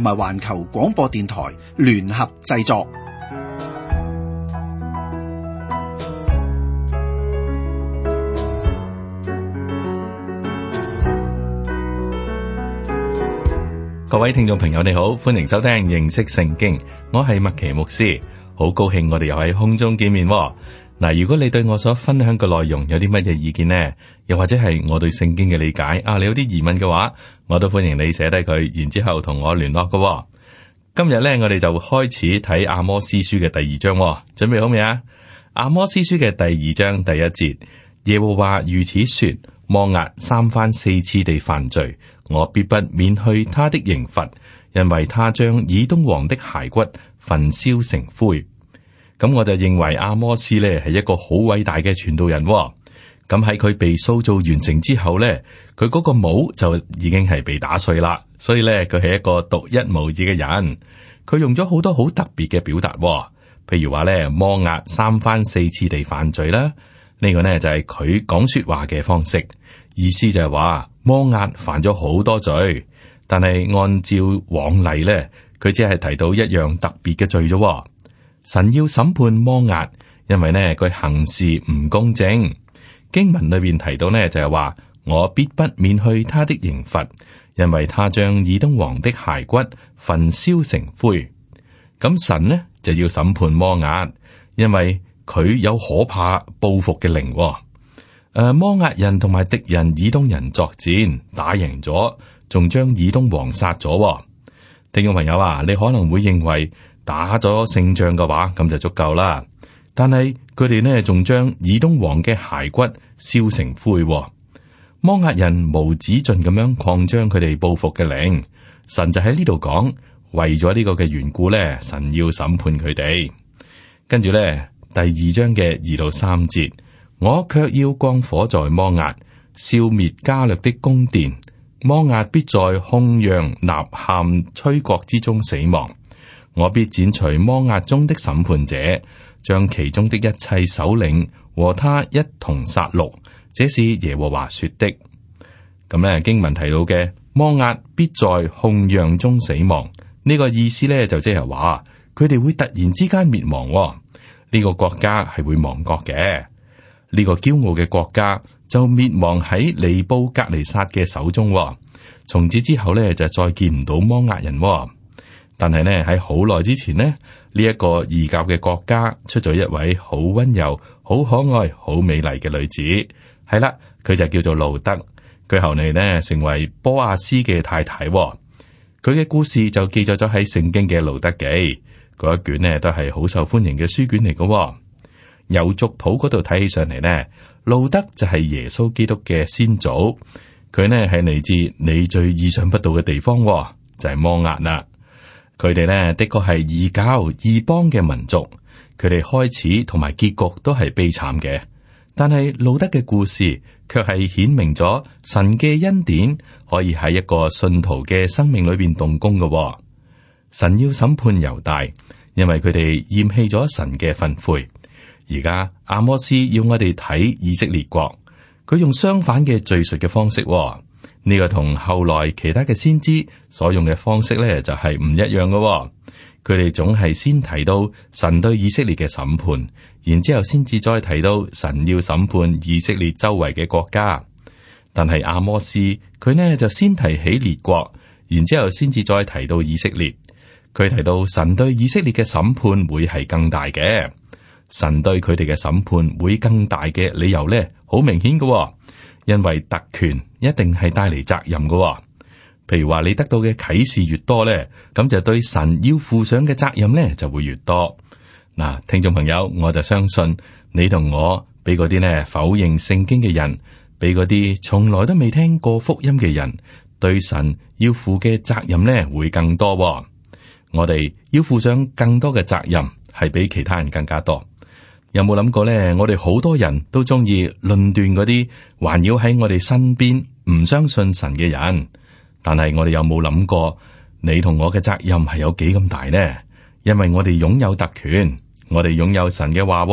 同埋環球廣播電台聯合製作。各位聽眾朋友，你好，歡迎收聽認識聖經，我係麥奇牧師，好高興我哋又喺空中見面。嗱，如果你對我所分享嘅內容有啲乜嘢意見呢？又或者係我對聖經嘅理解啊，你有啲疑問嘅話，我都歡迎你寫低佢，然之後同我聯絡㗎喎。今日咧，我哋就開始睇阿摩司書嘅第二章喎，準備好未啊？阿摩司書嘅第二章第一節，耶和華如此說：摩押三番四次地犯罪，我必不免去他的刑罰，因為他將以東王的骸骨焚燒成灰。咁我就認為阿摩司咧係一個好偉大嘅傳道人，哦。咁喺佢被塑造完成之後咧，佢嗰個帽就已經係被打碎啦。所以咧，佢係一個獨一無二嘅人。佢用咗好多好特別嘅表達，哦，譬如話咧，摩押三番四次地犯罪啦。呢、這個咧就係佢講說話嘅方式。意思就係話摩押犯咗好多罪，但係按照往例咧，佢只係提到一樣特別嘅罪啫。神要審判摩押，因為呢，佢行事唔公正。經文裏邊提到呢，就係話，我必不免去他的刑罰，因為他將以東王的骸骨焚燒成灰。咁神呢就要審判摩押，因為佢有可怕報復嘅靈。誒、呃，摩押人同埋敵人以東人作戰，打贏咗，仲將以東王殺咗。聽眾朋友啊，你可能會認為，打咗勝仗嘅話，咁就足夠啦。但係佢哋呢，仲將以東王嘅骸骨燒成灰。摩押人無止盡咁樣擴張佢哋報復嘅靈，神就喺呢度講，為咗呢個嘅緣故呢，神要審判佢哋。跟住呢，第二章嘅二到三節，我卻要降火在摩押，消滅加略的宮殿，摩押必在鬨嚷、吶喊、吹角之中死亡。我必剪除摩押中的審判者，將其中的一切首領和他一同殺戮。這是耶和華說的。咁咧，經文提到嘅摩押必在鬨嚷中死亡。呢、這個意思咧就即係話，佢哋會突然之間滅亡。呢、這個國家係會亡國嘅。呢、這個驕傲嘅國家就滅亡喺尼布甲尼撒嘅手中。從此之後咧，就再見唔到摩押人。但係咧，喺好耐之前咧，呢、這、一個異教嘅國家出咗一位好溫柔、好可愛、好美麗嘅女子係啦。佢就叫做路德，佢後嚟咧成為波亞斯嘅太太、哦。佢嘅故事就記載咗喺聖經嘅路德記嗰一卷，呢都係好受歡迎嘅書卷嚟、哦。噶由族譜嗰度睇起上嚟咧，路德就係耶穌基督嘅先祖。佢咧係嚟自你最意想不到嘅地方、哦，就係、是、摩押啦、啊。佢哋呢，的確係易教易邦異教異邦嘅民族，佢哋開始同埋結局都係悲慘嘅，但係路得嘅故事卻係顯明咗神嘅恩典可以喺一個信徒嘅生命裏邊動工嘅、哦。神要審判猶大，因為佢哋厭棄咗神嘅訓誨。而家阿摩司要我哋睇以色列國，佢用相反嘅敘述嘅方式、哦。呢個同後來其他嘅先知所用嘅方式咧，就係、是、唔一樣噶、哦。佢哋總係先提到神對以色列嘅審判，然之後先至再提到神要審判以色列周圍嘅國家。但係阿摩斯佢呢就先提起列國，然之後先至再提到以色列。佢提到神對以色列嘅審判會係更大嘅，神對佢哋嘅審判會更大嘅理由咧，好明顯噶、哦。因為特權一定係帶嚟責任㗎，譬如話你得到嘅啟示越多咧，咁就對神要負上嘅責任咧就會越多。嗱，聽眾朋友，我就相信你同我比嗰啲咧否認聖經嘅人，比嗰啲從來都未聽過福音嘅人，對神要負嘅責任咧會更多。我哋要負上更多嘅責任，係比其他人更加多。有冇諗過呢？我哋好多人都中意論斷嗰啲環繞喺我哋身邊唔相信神嘅人，但係我哋有冇諗過你同我嘅責任係有幾咁大呢？因為我哋擁有特權，我哋擁有神嘅話，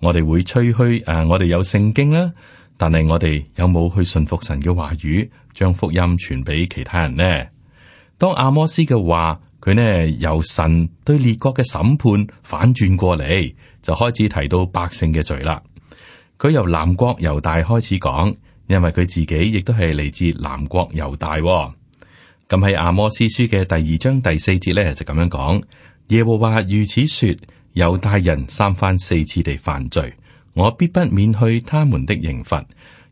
我哋會吹噓啊。我哋有聖經啦，但係我哋有冇去信服神嘅話語，將福音傳俾其他人呢？當阿摩斯嘅話佢呢，由神對列國嘅審判反轉過嚟。就開始提到百姓嘅罪啦。佢由南國猶大開始講，因為佢自己亦都係嚟自南國猶大，哦。咁喺《阿摩司書》嘅第二章第四節咧，就咁樣講：耶和華如此說，猶大人三番四次地犯罪，我必不免去他們的刑罰，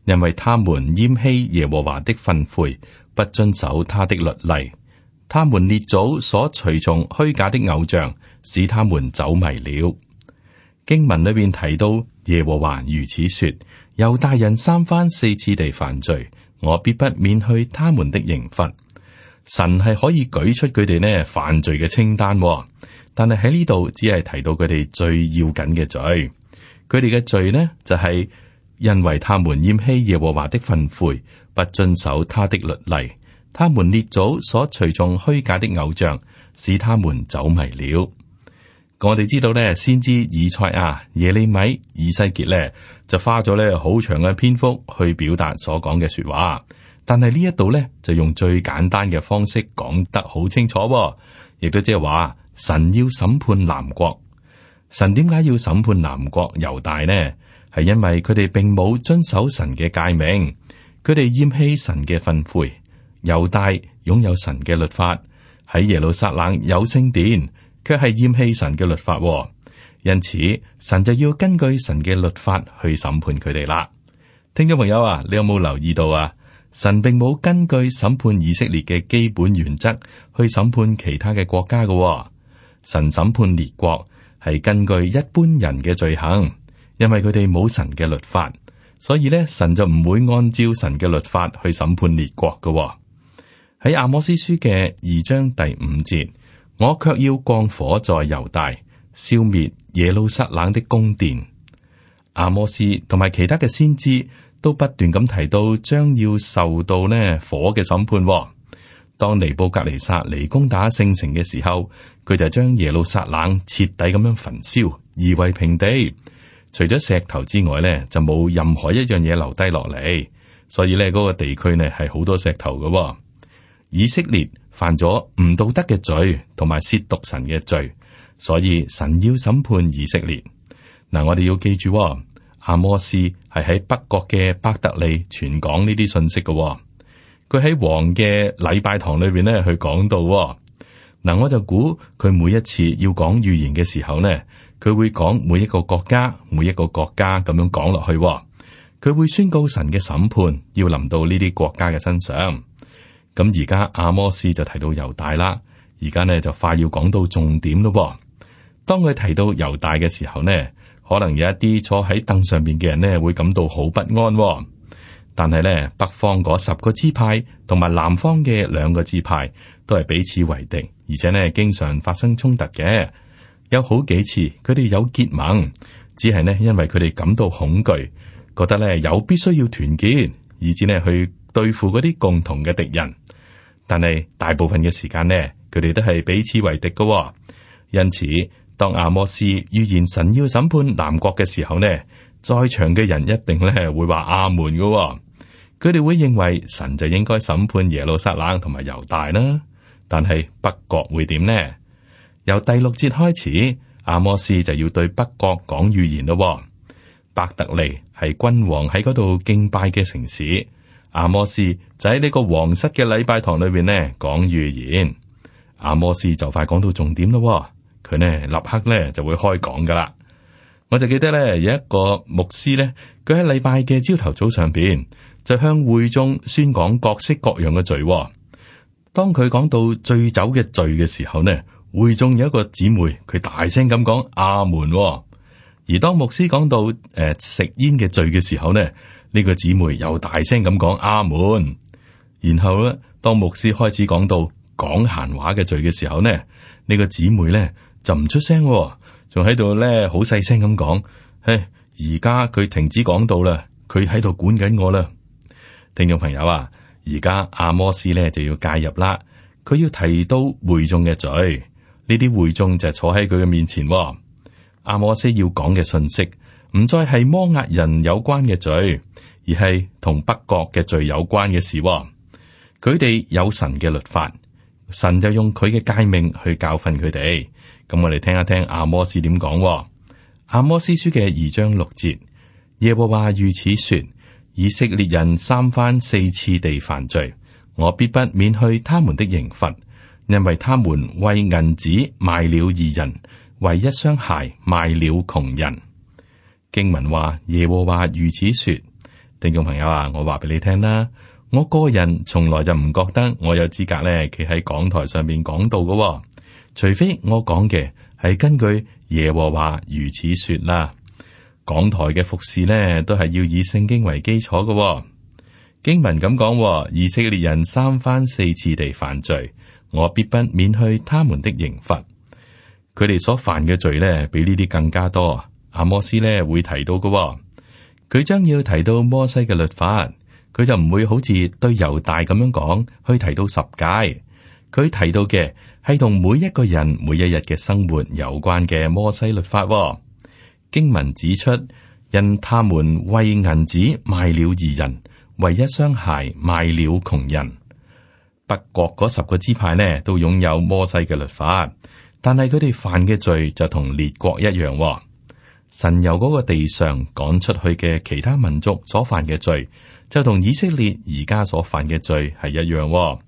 因為他們厭棄耶和華的訓誨，不遵守他的律例，他們列祖所隨從虛假的偶像，使他們走迷了。經文裏面提到耶和華如此說：猶大人三番四次地犯罪，我必不免去他們的刑罰。神係可以舉出佢哋呢犯罪嘅清單、哦，但係喺呢度只係提到佢哋最要緊嘅罪。佢哋嘅罪呢就係、是、因為他們厭棄耶和華的訓誨，不遵守他的律例，他們列祖所隨從虛假的偶像，使他們走迷了。我哋知道咧，先知以賽亞、耶利米、以西結咧，就花咗咧好長嘅篇幅去表達所講嘅說話。但係呢一度咧，就用最簡單嘅方式講得好清楚、哦，亦都即係話神要審判南國。神點解要審判南國猶大呢？係因為佢哋並冇遵守神嘅誡命，佢哋厭棄神嘅訓誨。猶大擁有神嘅律法，喺耶路撒冷有聖殿。卻係厭棄神嘅律法喎，因此神就要根據神嘅律法去審判佢哋啦。聽眾朋友啊，你有冇留意到啊？神並冇根據審判以色列嘅基本原則去審判其他嘅國家㗎喎。神審判列國係根據一般人嘅罪行，因為佢哋冇神嘅律法，所以呢，神就唔會按照神嘅律法去審判列國㗎喎。喺阿摩司書嘅二章第五節。我卻要降火在猶大，消滅耶路撒冷的宮殿。阿摩司同埋其他嘅先知都不斷咁提到，將要受到呢火嘅審判。當尼布格尼撒尼，尼攻打聖城嘅時候，佢就將耶路撒冷徹底咁樣焚燒，夷為平地。除咗石頭之外，呢就冇任何一樣嘢留低落嚟。所以呢，嗰個地區呢係好多石頭嘅。以色列，犯咗唔道德嘅罪，同埋褻瀆神嘅罪，所以神要審判以色列。嗱、啊，我哋要記住、哦、阿摩司係喺北國嘅伯特利傳講呢啲信息嘅、哦。佢喺王嘅禮拜堂裏邊咧去講道、哦。嗱、啊，我就估佢每一次要講預言嘅時候咧，佢會講每一個國家，每一個國家咁樣講落去、哦。佢會宣告神嘅審判要臨到呢啲國家嘅身上。咁而家阿摩斯就提到猶大啦，而家呢就快要講到重點咯。當佢提到猶大嘅時候呢，可能有一啲坐喺凳上面嘅人呢會感到好不安哦。但係呢，北方嗰十個支派同埋南方嘅兩個支派都係彼此為敵，而且呢經常發生衝突嘅。有好幾次佢哋有結盟，只係呢因為佢哋感到恐懼，覺得呢有必須要團結，以至呢去。對付嗰啲共同嘅敵人，但係大部分嘅時間呢，佢哋都係彼此為敵㗎喎。因此，當阿摩司預言神要審判南國嘅時候呢，在場嘅人一定咧會話阿門㗎喎。佢哋會認為神就應該審判耶路撒冷同埋猶大啦。但係北國會點呢？由第六節開始，阿摩司就要對北國講預言咯喎。伯特利係君王喺嗰度敬拜嘅城市。阿摩司就喺呢個皇室嘅禮拜堂裏邊呢講預言，阿摩司就快講到重點咯喎，佢呢立刻呢就會開講噶啦。我就記得呢有一個牧師呢，佢喺禮拜嘅朝頭早上邊就向會眾宣講各式各樣嘅罪喎。當佢講到醉酒嘅罪嘅時候呢，會眾有一個姊妹佢大聲咁講阿門喎。而當牧師講到誒、呃、食煙嘅罪嘅時候呢，呢個姊妹又大聲咁講阿門，然後咧，當牧師開始講到講閒話嘅罪嘅時候呢，呢個姊妹咧就唔出聲，仲喺度咧好細聲咁講，嘿，而家佢停止講到啦，佢喺度管緊我啦。聽眾朋友啊，而家阿摩斯咧就要介入啦，佢要提到會眾嘅罪，呢啲會眾就坐喺佢嘅面前，阿摩斯要講嘅信息。唔再係摩押人有關嘅罪，而係同北國嘅罪有關嘅事、哦。佢哋有神嘅律法，神就用佢嘅誡命去教訓佢哋。咁我哋聽一聽阿摩司點講、哦。阿摩司書嘅二章六節，耶和華如此說：以色列人三番四次地犯罪，我必不免去他們的刑罰，因為他們為銀子賣了義人，為一雙鞋賣了窮人。經文話耶和華如此說，聽眾朋友啊，我話俾你聽啦，我個人從來就唔覺得我有資格咧企喺講台上面講道噶，除非我講嘅係根據耶和華如此說啦。講台嘅服侍咧都係要以聖經為基礎噶。經文咁講，以色列人三番四次地犯罪，我必不免去他們的刑罰。佢哋所犯嘅罪咧，比呢啲更加多。阿摩斯咧會提到嘅，佢將要提到摩西嘅律法，佢就唔會好似對猶大咁樣講，去提到十戒。佢提到嘅係同每一個人每一日嘅生活有關嘅摩西律法。經文指出，因他們為銀子賣了義人，為一雙鞋賣了窮人。北國嗰十個支派呢，都擁有摩西嘅律法，但係佢哋犯嘅罪就同列國一樣。神由嗰個地上趕出去嘅其他民族所犯嘅罪，就同以色列而家所犯嘅罪係一樣。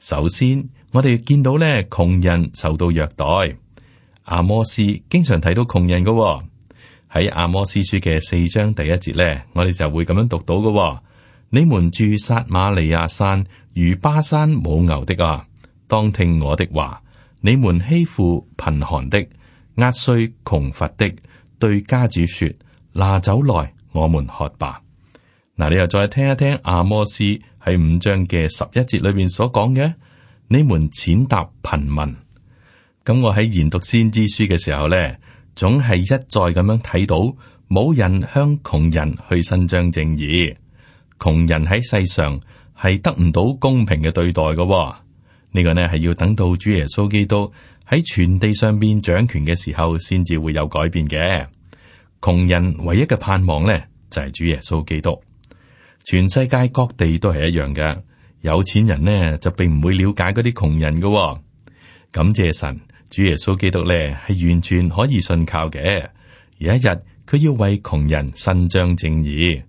首先，我哋見到咧，窮人受到虐待。阿摩司經常睇到窮人嘅，喺阿摩司書嘅四章第一節咧，我哋就會咁樣讀到嘅。你們住撒馬利亞山如巴山母牛的啊，當聽我的話，你們欺負貧寒的，壓碎窮乏的。對家主說：拿酒來，我們喝吧。嗱，你又再聽一聽阿摩司喺五章嘅十一節裏面所講嘅，你們踐踏貧民。咁我喺研讀先知書嘅時候咧，總係一再咁樣睇到冇人向窮人去伸張正義，窮人喺世上係得唔到公平嘅對待㗎喎。呢個呢係要等到主耶穌基督喺全地上邊掌權嘅時候，先至會有改變嘅。窮人唯一嘅盼望呢，就係主耶穌基督，全世界各地都係一樣嘅，有錢人呢就並唔會了解嗰啲窮人㗎喎。感謝神，主耶穌基督呢係完全可以信靠嘅。有一日佢要為窮人伸張正義，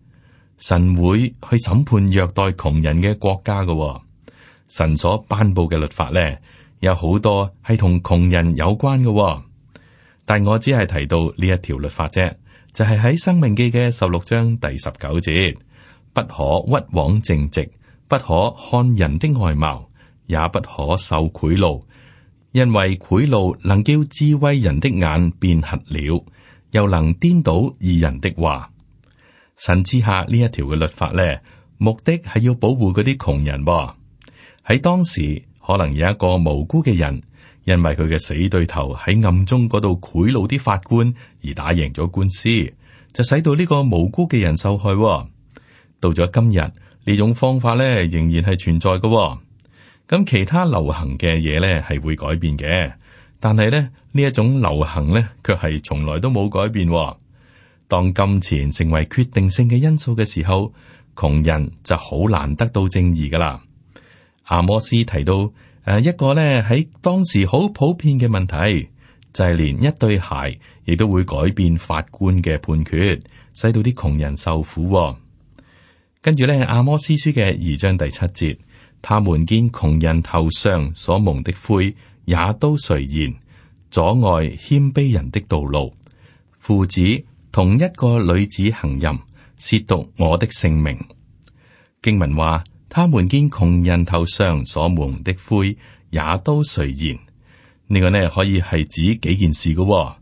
神會去審判虐待窮人嘅國家㗎喎。神所頒布嘅律法呢，有好多係同窮人有關嘅。但我只係提到呢一條律法啫，就係喺《申命記》嘅十六章第十九節：不可屈枉正直，不可看人的外貌，也不可受賄賂，因為賄賂能叫智慧人的眼變瞎了，又能顛倒義人的話。神之下呢一條嘅律法呢，目的係要保護嗰啲窮人。喺當時，可能有一個無辜嘅人，因為佢嘅死對頭喺暗中嗰度賄賂啲法官而打贏咗官司，就使到呢個無辜嘅人受害。到咗今日，呢種方法咧仍然係存在噶。咁其他流行嘅嘢咧係會改變嘅，但係咧呢一種流行咧卻係從來都冇改變。當金錢成為決定性嘅因素嘅時候，窮人就好難得到正義噶啦。阿摩斯提到，誒、呃、一個咧喺當時好普遍嘅問題，就係、是、連一對鞋亦都會改變法官嘅判決，使到啲窮人受苦、哦。跟住咧，阿摩斯書嘅二章第七節，他們見窮人頭上所蒙的灰，也都垂涎阻礙謙卑，卑人的道路。父子同一個女子行淫褻瀆我的聖名，經文話。他們見窮人頭上所蒙的灰，也都垂涎。呢個呢，可以係指幾件事㗎喎。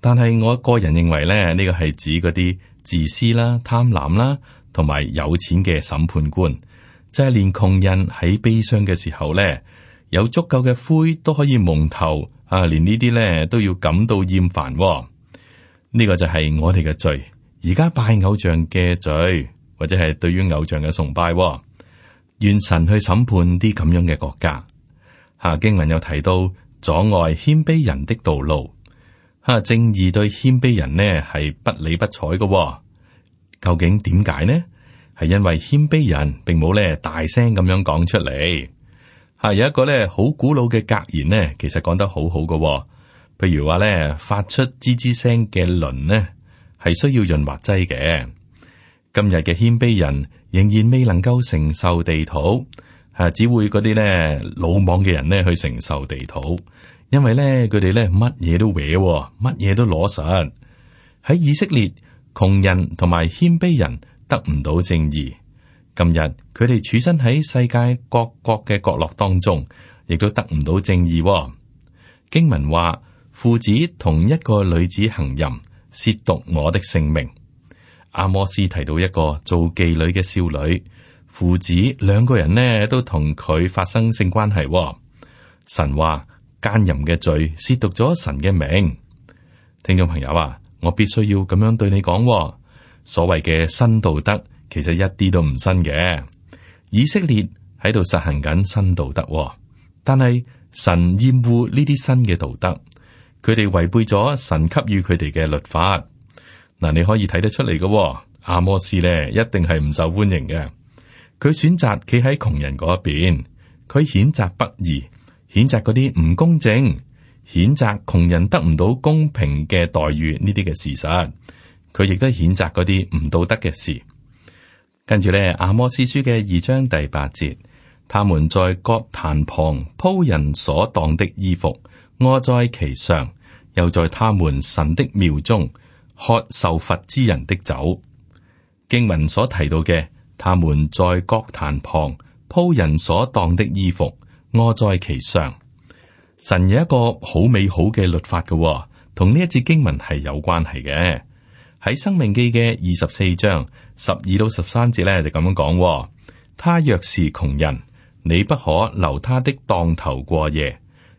但係我個人認為呢，呢個係指嗰啲自私啦、貪婪啦，同埋有錢嘅審判官，即係連窮人喺悲傷嘅時候呢，有足夠嘅灰都可以蒙頭啊，連呢啲呢都要感到厭煩喎。呢個就係我哋嘅罪，而家拜偶像嘅罪，或者係對於偶像嘅崇拜喎。願神去審判啲咁樣嘅國家。吓、啊、經文又提到阻礙謙卑人的道路，吓、啊、正義對謙卑人呢係不理不睬㗎、喎。究竟點解呢？係因為謙卑人並冇呢大聲咁樣講出嚟。吓、啊、有一個呢好古老嘅格言呢，其實講得好好㗎、喎。譬如話呢發出吱吱聲嘅輪呢，係需要潤滑劑嘅。今日嘅謙卑人，仍然未能夠承受地土，吓、只會嗰啲咧魯莽嘅人咧去承受地土，因為咧佢哋咧乜嘢都歪，乜嘢都攞實。喺以色列，窮人同埋謙卑人得唔到正義。今日佢哋處身喺世界各國嘅角落當中，亦都得唔到正義，哦。經文話：父子同一個女子行淫，褻瀆我的性命。阿摩司提到一個做妓女嘅少女，父子兩個人呢都同佢發生性關係、哦。神話，奸淫嘅罪褻瀆咗神嘅名。聽眾朋友啊，我必須要咁樣對你講、哦，所謂嘅新道德其實一啲都唔新嘅。以色列喺度實行緊新道德、哦，但係神厭惡呢啲新嘅道德，佢哋違背咗神給予佢哋嘅律法。嗱，你可以睇得出嚟嘅、哦、阿摩司咧，一定係唔受歡迎嘅。佢選擇企喺窮人嗰一邊，佢譴責不義，譴責嗰啲唔公正，譴責窮人得唔到公平嘅待遇呢啲嘅事實。佢亦都譴責嗰啲唔道德嘅事。跟住咧，《阿摩司書》嘅二章第八節，他們在各壇旁鋪人所當的衣服，臥在其上，又在他們神的廟中。喝受罰之人的酒，經文所提到嘅，他們在各壇旁鋪人所當的衣服，臥在其上。神有一個好美好嘅律法嘅，哦，同呢一節經文係有關係嘅。喺《生命記》嘅二十四章十二到十三節呢，就咁樣講：他若是窮人，你不可留他的當頭過夜，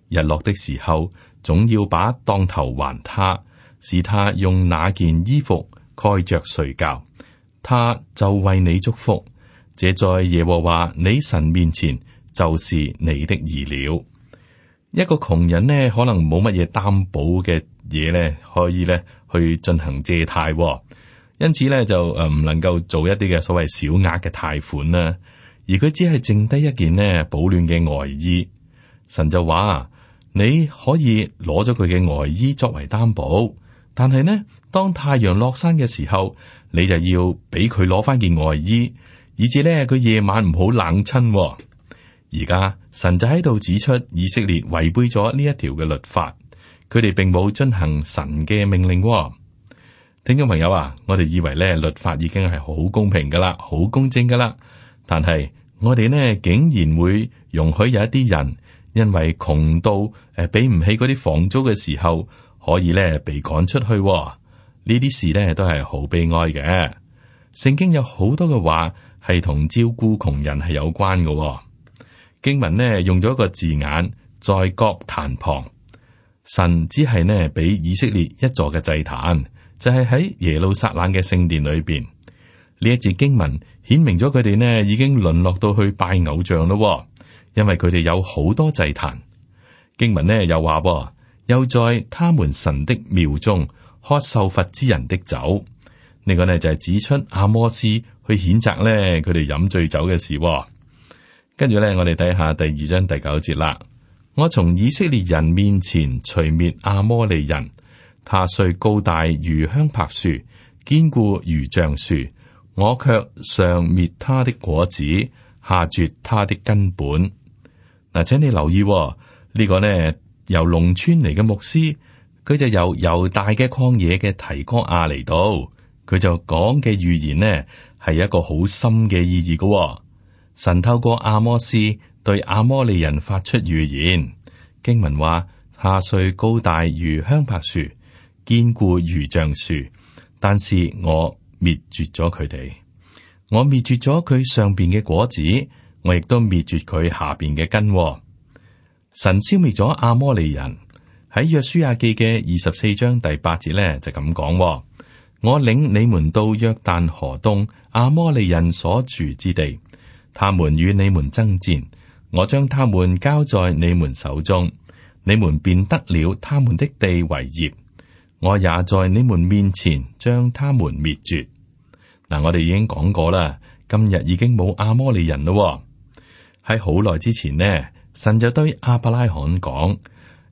日落的時候總要把當頭還他。是他用那件衣服蓋着睡覺，他就為你祝福。這在耶和華你神面前，就是你的義了。一個窮人呢，可能冇乜嘢擔保嘅嘢呢，可以呢去進行借貸，因此呢就誒唔能夠做一啲嘅所謂小額嘅貸款啦。而佢只係剩低一件呢保暖嘅外衣，神就話你可以攞咗佢嘅外衣作為擔保。但係呢，當太陽落山嘅時候，你就要俾佢攞翻件外衣，以至呢佢夜晚唔好冷親、哦。而家神就喺度指出，以色列違背咗呢一條嘅律法，佢哋並冇遵行神嘅命令、哦。聽眾朋友啊，我哋以為呢律法已經係好公平噶啦，好公正噶啦。但係我哋呢竟然會容許有一啲人因為窮到誒俾唔起嗰啲房租嘅時候。可以呢被趕出去，呢啲事呢，都係好悲哀嘅。聖經有好多嘅話係同照顧窮人係有關嘅。經文呢，用咗一個字眼，在各壇旁，神只係呢俾以色列一座嘅祭壇，就係、是、喺耶路撒冷嘅聖殿裏邊。呢一節經文顯明咗佢哋呢已經淪落到去拜偶像咯，因為佢哋有好多祭壇。經文呢又話。又在他們神的廟中喝受罰之人的酒，呢個呢就係指出阿摩司去譴責呢佢哋飲醉酒嘅事。跟住呢，我哋睇下第二章第九節啦。我從以色列人面前除滅阿摩利人，他雖高大如香柏樹，堅固如橡樹，我卻上滅他的果子，下絕他的根本。嗱，請你留意呢、呢個呢。由農村嚟嘅牧師，佢就由猶大嘅曠野嘅提哥亞嚟到，佢就講嘅預言呢，係一個好深嘅意義嘅、哦。神透過阿摩斯對阿摩利人發出預言，經文話：下歲高大如香柏樹，堅固如橡樹，但是我滅絕咗佢哋，我滅絕咗佢上邊嘅果子，我亦都滅絕佢下邊嘅根、哦。神消滅咗阿摩利人喺約書亞記嘅二十四章第八節呢，就咁講、哦：我領你們到約旦河東阿摩利人所住之地，他們與你們爭戰，我將他們交在你們手中，你們便得了他們的地為業。我也在你們面前將他們滅絕。嗱、嗯，我哋已經講過啦，今日已經冇阿摩利人咯、哦，喺好耐之前呢？神就對亞伯拉罕講：誒、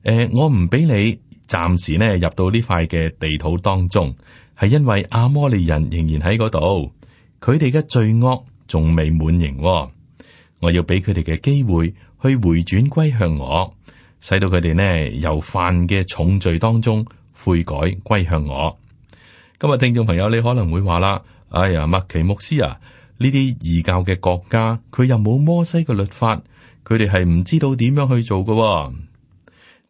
呃，我唔俾你暫時咧入到呢塊嘅地土當中，係因為阿摩利人仍然喺嗰度，佢哋嘅罪惡仲未滿盈、哦。我要俾佢哋嘅機會去回轉歸向我，使到佢哋咧由犯嘅重罪當中悔改歸向我。今日聽眾朋友，你可能會話啦，哎呀，麥其牧師啊，呢啲異教嘅國家，佢又冇摩西嘅律法。佢哋係唔知道點樣去做噶、哦，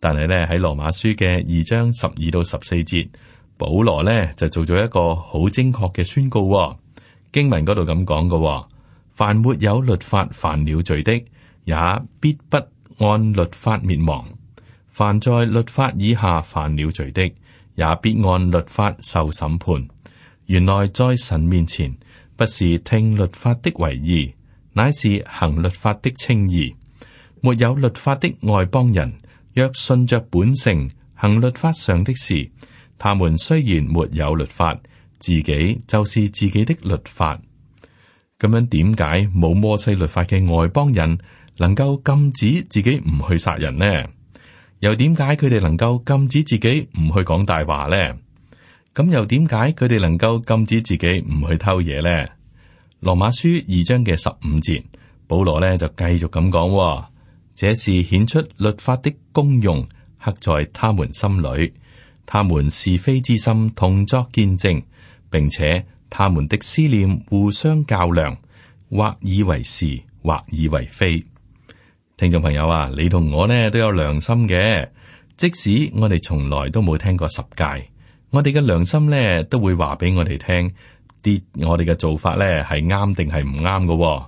但係咧喺羅馬書嘅二章十二到十四節，保羅咧就做咗一個好精確嘅宣告、哦、經文嗰度咁講嘅。凡沒有律法犯了罪的，也必不按律法滅亡；凡在律法以下犯了罪的，也必按律法受審判。原來在神面前，不是聽律法的為義，乃是行律法的稱義。沒有律法的外邦人，若順着本性行律法上的事，他們雖然沒有律法，自己就是自己的律法。咁樣點解冇摩西律法嘅外邦人能夠禁止自己唔去殺人呢？又點解佢哋能夠禁止自己唔去講大話呢？咁又點解佢哋能夠禁止自己唔去偷嘢呢？羅馬書二章嘅十五節，保羅呢就繼續咁講。這是顯出律法的功用，刻在他們心裏。他們是非之心同作見證，並且他們的思念互相較量，或以為是，或以為非。聽眾朋友啊，你同我呢都有良心嘅，即使我哋從來都冇聽過十戒，我哋嘅良心呢都會話俾我哋聽，啲我哋嘅做法呢係啱定係唔啱嘅。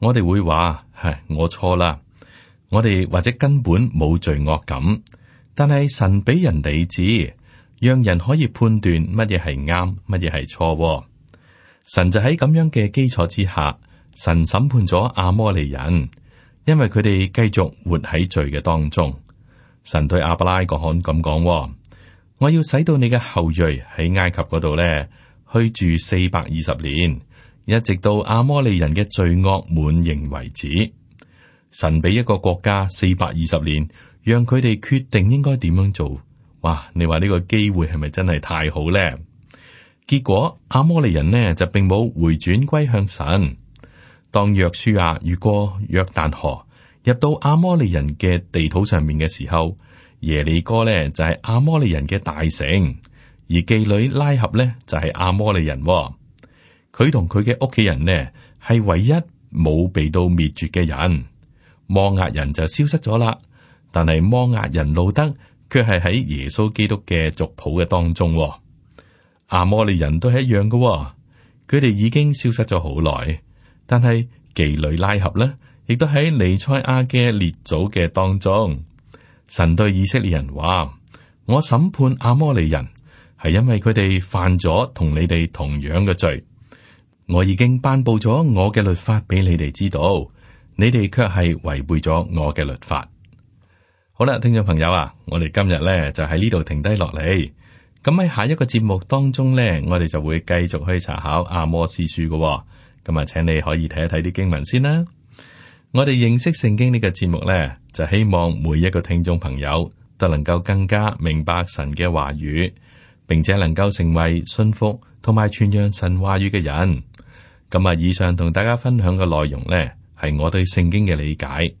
我哋會話唉，我錯啦。我哋或者根本冇罪惡感，但係神俾人理智，讓人可以判斷乜嘢係啱，乜嘢係錯哦。神就喺咁樣嘅基礎之下，神審判咗阿摩利人，因為佢哋繼續活喺罪嘅當中。神對阿伯拉罕咁講：我要使到你嘅後裔喺埃及嗰度咧，去住四百二十年，一直到阿摩利人嘅罪惡滿盈為止。神俾一個國家四百二十年，讓佢哋決定應該點樣做。哇！你話呢個機會係咪真係太好咧？結果阿摩利人呢就並冇回轉歸向神。當約書亞越過約旦河入到阿摩利人嘅地土上面嘅時候，耶利哥呢就係、是、阿摩利人嘅大城，而妓女拉合呢就係、是、阿摩利人、哦。佢同佢嘅屋企人呢係唯一冇被到滅絕嘅人。摩押人就消失咗啦，但係摩押人路得卻係喺耶穌基督嘅族譜嘅當中。阿摩利人都係一樣嘅，佢哋已經消失咗好耐。但係妓女拉合呢，亦都喺彌賽亞嘅列祖嘅當中。神對以色列人話：我審判阿摩利人，係因為佢哋犯咗同你哋同樣嘅罪。我已經頒布咗我嘅律法俾你哋知道。你哋卻係違背咗我嘅律法。好啦，聽眾朋友啊，我哋今日呢就喺呢度停低落嚟。咁喺下一個節目當中呢，我哋就會繼續去查考阿摩司書嘅。咁啊，請你可以睇一睇啲經文先啦。我哋認識聖經呢個節目呢，就希望每一個聽眾朋友都能夠更加明白神嘅話語，並且能夠成為信服同埋傳揚神話語嘅人。咁啊，以上同大家分享嘅內容呢。係我對聖經嘅理解，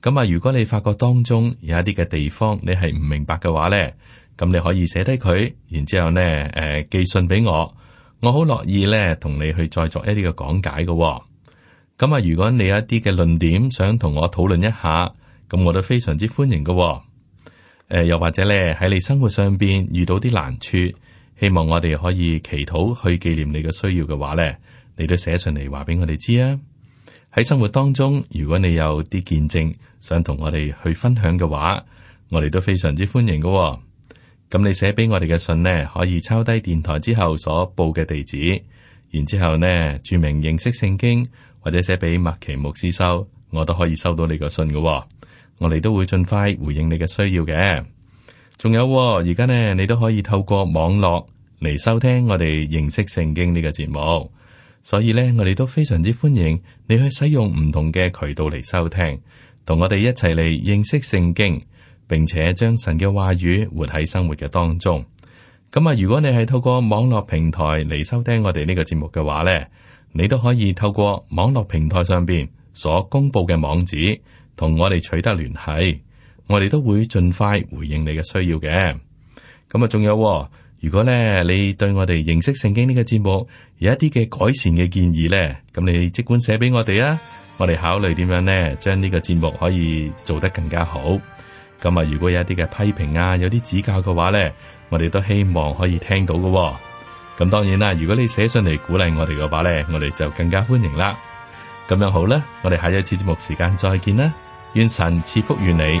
咁啊，如果你發覺當中有一啲嘅地方你係唔明白嘅話咧，咁你可以寫低佢，然之後咧，誒、呃、寄信俾我，我好樂意咧同你去再作一啲嘅講解嘅、哦。咁啊，如果你有一啲嘅論點想同我討論一下，咁我都非常之歡迎嘅、哦。誒、呃，又或者咧喺你生活上邊遇到啲難處，希望我哋可以祈禱去紀念你嘅需要嘅話咧，你都寫上嚟話俾我哋知啊。喺生活當中，如果你有啲見證想同我哋去分享嘅話，我哋都非常之歡迎嘅、哦。咁你寫俾我哋嘅信呢，可以抄低電台之後所報嘅地址，然之後呢，注明認識聖經，或者寫俾麥奇牧師收，我都可以收到你個信嘅、哦。我哋都會盡快回應你嘅需要嘅。仲有、哦，而家呢，你都可以透過網絡嚟收聽我哋認識聖經呢個節目。所以咧，我哋都非常之歡迎你去使用唔同嘅渠道嚟收聽，同我哋一齊嚟認識聖經，並且將神嘅話語活喺生活嘅當中。咁啊，如果你係透過網絡平台嚟收聽我哋呢個節目嘅話咧，你都可以透過網絡平台上邊所公佈嘅網址，同我哋取得聯繫，我哋都會盡快回應你嘅需要嘅。咁啊，仲有。如果咧你對我哋認識聖經呢個節目有一啲嘅改善嘅建議咧，咁你即管寫俾我哋啊，我哋考慮點樣咧，將呢個節目可以做得更加好。咁啊，如果有一啲嘅批評啊，有啲指教嘅話咧，我哋都希望可以聽到噶。咁當然啦，如果你寫上嚟鼓勵我哋嘅話咧，我哋就更加歡迎啦。咁樣好啦，我哋下一次節目時間再見啦，願神賜福於你。